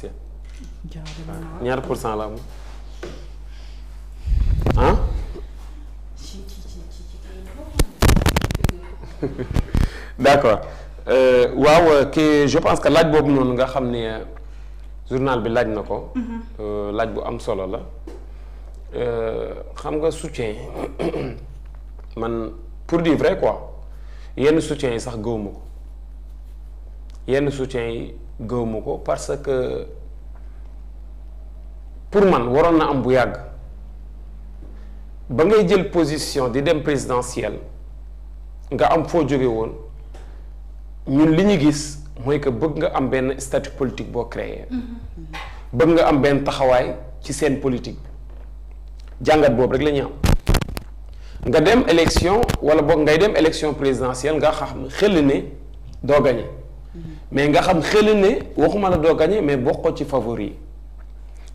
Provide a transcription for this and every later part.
Ah, ñaar pour cent la am ah. d'accord euh, waaw kii je pense que laaj boobu noonu nga xam ni journal bi laaj na ko. Mhm. Euh, laaj bu am solo la. Euh, xam nga soutien man pour dire vrai quoi yenn soutien yi sax gëwuma ko yenn soutien yi. gëwuma ko parce que pour man waroon na am bu yàgg ba ngay jël position di dem présidentielle nga am foo jóge woon ñun li ñu gis mooy que bëgg nga am benn statut politique boo créé mm-hmm. mm-hmm. bëgg nga am benn taxawaay ci seen politique bi jàngat boobu rek lañuy am nga dem élection wala boog ngay dem élection présidentielle nga xam xel ne doo gagné mais nga xam xel ne waxuma la doo gagné mais bokkoo ci favori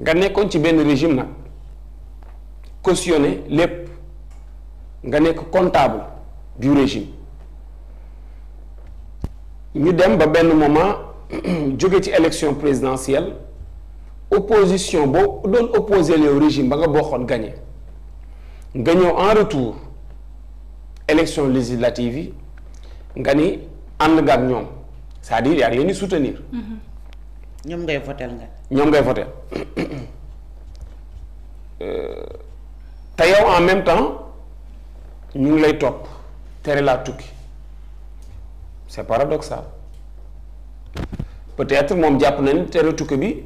nga nekkoon ci benn régime nag cautionné lépp nga nekk comptable du régime ñu dem ba benn moment jóge ci élection présidentielle opposition boo doon opposé le régime ba nga bokkoon gagné nga ñëw en retour élection législative yi nga ni ànd nga ñoom. c'est-à-dire yaa ngi leen di soutenir. ñoom ngay votel te yow en même temps ñu ngi lay topp tere laa tukki c'est paradoxal peut-être moom jàpp na ni tere tukki bi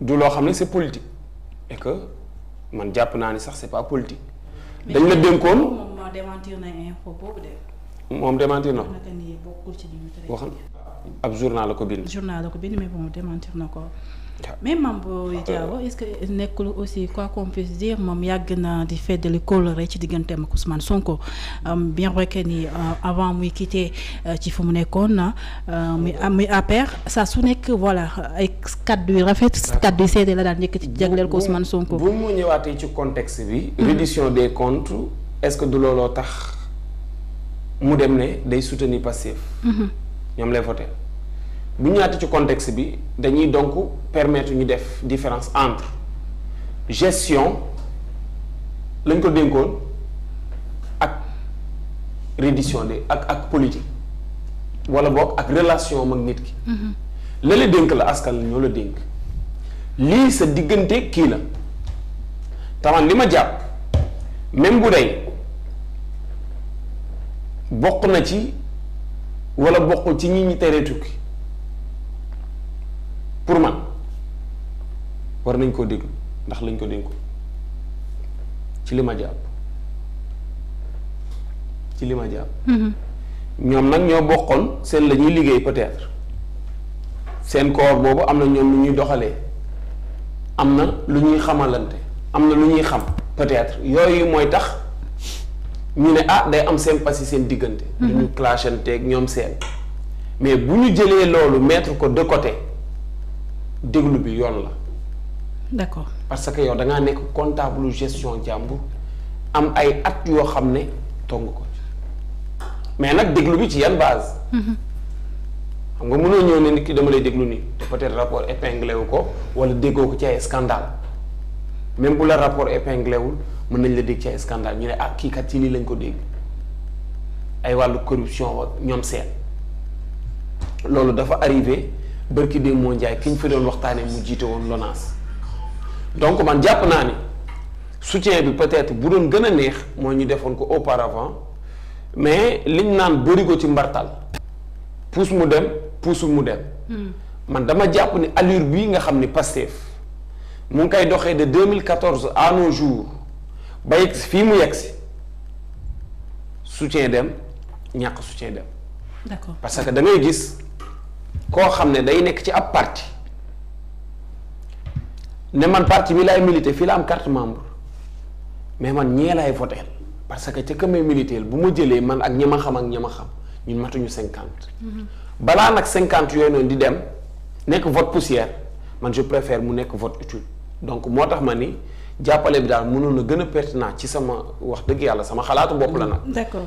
du loo xam ne c'est politique et man jàpp naa ni sax c'est pas politique. dañ la dénkoon moom démentir na info boobu de. moom démentir na. wax na. ab journal la ko bind. journal la ko bind mais bon démentir na ko. mais Mame Boye ah, Diao est-ce que nekkul aussi quoi qu'on puisse moom yàgg na di feddali kóllëre ci digganteem ak Ousmane Sonko euh, bien vrai que ni euh, avant muy quitté euh, ci fu mu nekkoon muy muy APR saa su nekk voilà ay kaddu yu rafet kaddu yu seede la daan yëkkati jagleel ko Ousmane Sonko. bu mu ñëwaatee ci context bi. Mm-hmm. reddition des comptes est-ce que du looloo tax mu dem ne day soutenir Pastef. Mm-hmm. ñoom lay voté bu ñu ñaati ci contexte bi dañuy donc permettre ñu def différence entre gestion lañ ko dénkoon ak reddition de ak ak politique wala boog ak relation mag nit ki. Mhm. la dénk la askan la ñoo la dénk lii sa diggante kii la taman li ma jàpp même bu day bokk na ci. wala bokkul ci ñi ñi teree tukki pour man war nañ koo déglu ndax lañ ko dénku ci li ma jàpp ci li ma jàpp. Mm-hmm. ñoom nag ñoo bokkoon seen la ñuy liggéey peut seen koor boobu am na ñoom lu ñuy doxalee am na lu ñuy xamalante am na lu ñuy xam peut yooyu mooy tax. ñu ne ah day am seen sympathie seen diggante. Mhm. du ñu clashanteeg ñoom seen. mais bu ñu jëlee loolu metre ko de côté déglu bi yoon la. d'accord parce que yow da ngaa nekk comptable gestion jàmbur am ay at yoo xam ne tong ko mais nag déglu bi ci yan base. Mhm. xam nga mënoo ñëw ne nit ki dama lay déglu nii te peut-être rapport épinglé wu ko wala déggoo ko ci ay scandale même bu la rapport épinglé wul mën nañ la dégg ci ay scandale ñu ne ak ah, kii kat ci lii lañ ko dégg ay wàllu corruption ak ñoom seen loolu dafa arrivé bërki dé moo njaay ki ñu fa doon waxtaanee mu jiite woon LONASE donc man jàpp naa ni soutien bi peut-être bu doon gën a neex moo ñu defoon ko auparavant mais liñ naan ko ci mbartal puus mu dem puusul mu dem hmm. man dama jàpp ni allure bii nga xam ni Pastef mu ngi koy doxee de 2014 à nos jours ba yegg si fii mu yegg si soutien dem ñàkk soutien dem. d'accord parce que dangay gis koo xam ne day nekk ci ab parti ne man parti bi laay milité fii la am carte membre mais man ñee laay voteel parce que ca ka may bu ma jëlee man ak ñi ma xam ak ñi xam ñu matuñu cinquante. Mhm. balaa nag cinquante yooyu noonu di dem nekk vote poussière man je préfère mu nekk vote utile. donc moo tax ma ni jàppale bi daal mënoon na gën a pertinent ci sama wax dëgg yàlla sama xalaatu bopp la nag.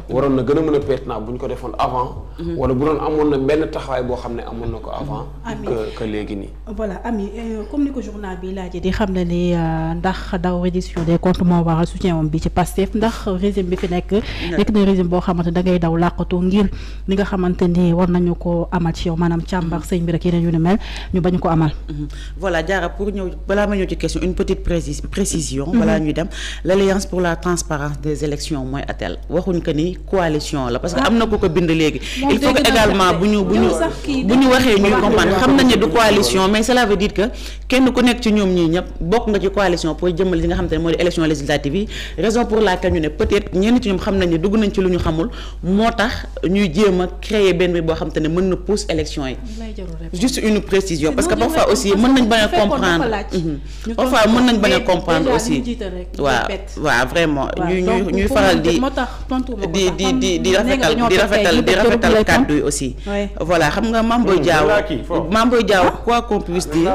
waroon na gën a mën a pertinent bu ñu ko defoon avant. Mhm. wala bu doon amoon na benn taxawaay boo xam ne amoon na ko avant. que que léegi nii. voilà Ami euh, comme ni ko journal bi laajee di xam ne ni euh, ndax daw reddition des comptes moo waral soutien bi ci Pastef ndax régime bi fi nekk. nekk na régime boo xamante da ngay daw làqatu ngir li nga xamante ni war nañu ko amal ci yow maanaam càmbar mhm. sëñ bi rek yeneen yu ni mel ñu bañ ko précision mhm. ñuy dem l'alliance pour la transparence des élections mooy atel waxuñ que ni coalition la parce que ah. am na ku ko bind léegi il faut que également bu ñu bu ñu bu ñu waxee ñuy comprendre xam nañ du coalition mais cela veut kenn ku nekk ci ñoom ñii ñëpp bokk nga ci coalition pour jëmal li nga xam te ne élection législative yi raison pour laquelle ñu ne peut-être ci ñoom xam nañ dugg nañ ci lu ñu xamul moo tax ñuy jéem a créer benn bi boo xam te a aussi waaw waaw vraiment ñu ñu ñuy faral di di di di di rafetal di rafetal di rafetal kàddu yi aussi ah. voilà xam nga Mame Boye hmm, Diao Mame Boye Diao ah. quoi qu'on puisse dire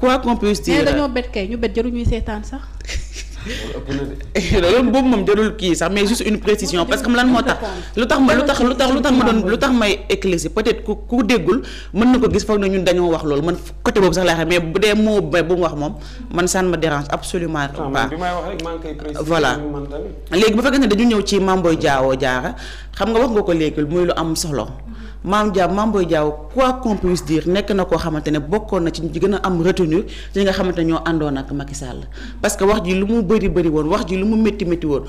quoi qu'on puisse dañoo bet kay ñu bet jaruñuy seetaan sax loolu boobu moom jarul kii sax mais juste une précision parce que lan moo tax lu tax ma lu tax lu tax lu tax ma doon tax may éclaircir peut-être ku ku déggul mën na ko gis foog na ñun dañoo wax loolu man côté boobu sax laa xam mais bu dee moo ba bu mu wax moom man ça ne me dérange absolument pas voilà léegi bu fekkee ne dañu ñëw ci Mame jaawoo Diao xam nga wax nga ko léegi muy lu am solo maam Dia maam Boy Diaw quoi qu'on puisse nekk na koo xamante ne bokkoon na ci ñu gën a am retenue ci nga xamante ne ñoo àndoon ak Macky Sall parce que wax ji lu mu bëri bëri woon wax ji lu mu métti métti woon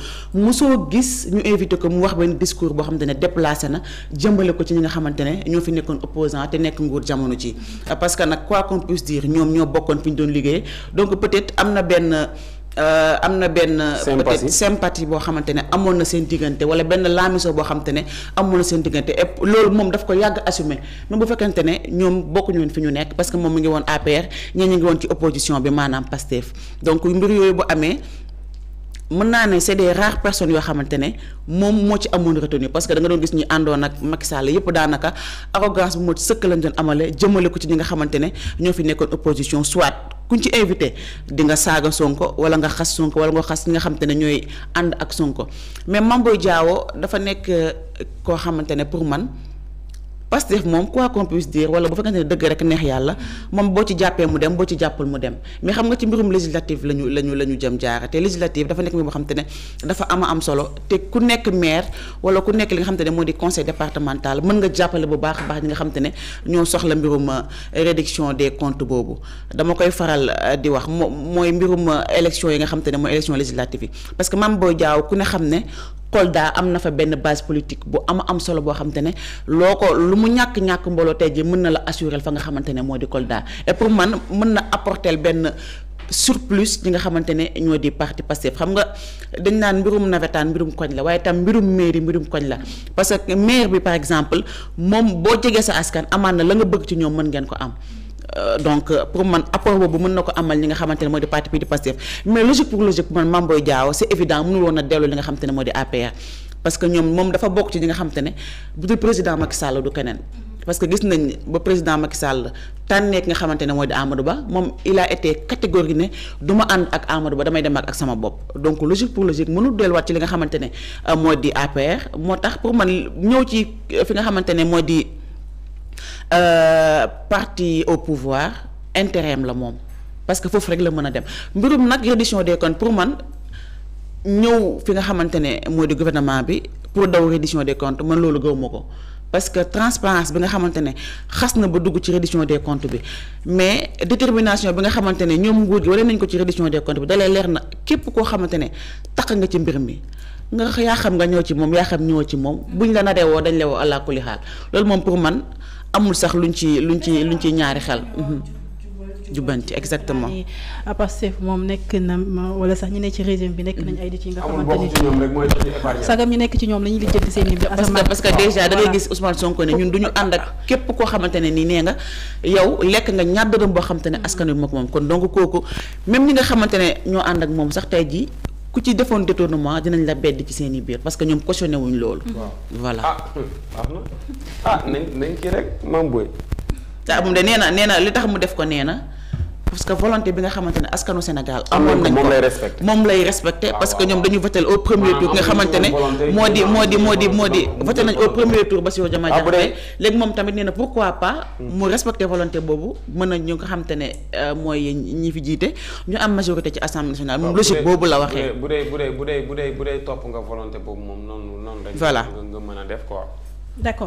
soo gis ñu invité ko mu wax benn discours boo xamante ne déplacé na jëmbale ko ci ñi nga xamante ne ñoo fi nekkoon opposant te nekk nguur jamono ci parce que nag quoi qu'on puisse dire ñoom ñoo bokkoon fi ñu doon liggéey donc peut-être am na benn. Euh, am na benn peut-être sympathie boo xamante ne amoon na seen diggante wala benn laamiso boo xamante ne amoon na seen diggante et loolu moom daf ko yàgg assumé même bu fekkente ne ñoom bokkuñu woon fi ñu nekk parce que moom mi ngi woon APR ñee ñu ngi woon ci opposition bi maanaam Pastef donc mbir yooyu bu amee mën naa ne c'est des rares personnes yoo xamante ne moom moo ci amoon retenu parce que da nga doon gis ñu àndoon ak Macky Sall yëpp daanaka arrogance bu mot sëkk lañ doon amale jëmale ko ci ñi nga xamante ne ñoo fi nekkoon opposition soit kuñ ci invité di nga saaga Sonko wala nga xas Sonko wala nga xas ñi nga xamante ne ñooy ànd ak Sonko mais Mame Boye Diao dafa nekk koo xamante ne pour man. Pastef moom quoi qu'on puisse dire wala bu fekkente ne dëgg rek neex yàlla moom boo ci jàppee mu dem boo ci jàppul mu dem mais xam nga ci mbirum législative la ñu la ñu ñu jëm jaara te législative dafa nekk mbir boo xam ne dafa ama am solo te ku nekk maire wala ku nekk li nga xam te ne moo di conseil départemental mën nga jàppale bu baax a baax ñi nga xam te ne ñoo soxla mbirum euh, réduction des comptes boobu dama koy faral euh, di wax moo mooy mbirum euh, élection yi nga xam ne mooy élection législative yi parce que Mame ne Kolda am na fa benn base politique bu am am solo boo xamante ne loo ko lu mu ñàkk ñàkk mbooloo tey ji mën na la assurer fa nga xamante ne moo di Kolda et pour man mën na apporter benn surplus ñi nga xamante ne ñoo di parti Pastef xam nga dañ naan mbirum nawetaan mbirum koñ la waaye tam mbirum mairie mbirum koñ la parce que maire bi par exemple moom boo jegee sa askan amaan na la nga bëgg ci ñoom mën ngeen ko am. Euh, donc euh, pour man apport boobu mën na ko amal ñi nga xamante ne moo di parti bi di Pastef mais logique pour logique man Mame Boye Diao évident mënul woon a dellu li nga xamante ne moo di APR parce mooy di Amadou Ba moom il a été catégorique ne du ànd ak Amadou Ba damay dem ak sama bopp donc logique pour logique mënul delluwaat ci li nga xamante ne euh, di APR moo tax pour man ñëw ci fi nga xamante ne moo di Euh, parti au pouvoir intérêt la moom parce que foofu rek la mën a dem mbirum nag reddition des comptes pour man ñëw fi nga xamante ne moo di gouvernement bi pour daw reddition de comptes man loolu gëw ma ko parce que transparence bi nga xamante ne xas na ba dugg ci reddition des comptes bi mais détermination bi nga xamante ne ñoom nguur gi wala nañ ko ci reddition de comptes bi dalee leer na képp koo xamante ne taq nga ci mbir mi nga yaa xam nga ñëw ci moom yaa xam ñëw ci moom buñ la naree dañ la woo àllaa kulli xaal moom pour man. amul sax luñ ci luñ ci lu ci ñaari xel. Mhm. jubbanti exactement. Pastef moom nekk na wala sax ñu ne ci régime bi nekk nañ ay di ci nga xamante ni sagam ñu nekk ci ñoom la ñuy lijjanti seen i. parce que parce que déjà da gis Ousmane Sonko ne ñun du ñu ànd ak képp koo xamante ne nii nee nga yow lekk nga ñaar dërëm boo xamante ne mm-hmm. askan wi moom kon donc kooku même ñi nga xamante ne ñoo ànd ak moom sax tey jii ku ci defoon détournement dinañ la bedd ci seeni biir parce que ñoom cautionné wuñ loolu. voilà ah ah nañ nañ ci rek maam booy. ah moom de nee na nee na li tax mu def ko nee na. parce que volonté bi nga xamante ne askanu Sénégal amoon nañ ko moom lay respecté parce que ñoom dañu voté au premier ah, ne moo moo di moo di premier tour Bassirou Diomaye Diakhar Faye léegi moom tamit nee na pourquoi pas mu hmm. respecté volonté boobu mën na ñu nga xamante ne euh, mooy ñi fi jiite ñu am majorité ci assemblée nationale moom ah, logique boobu la waxee bu dee bu dee bu dee bu dee topp nga volonté boobu moom noonu noonu rek voilà nga mën a def quoi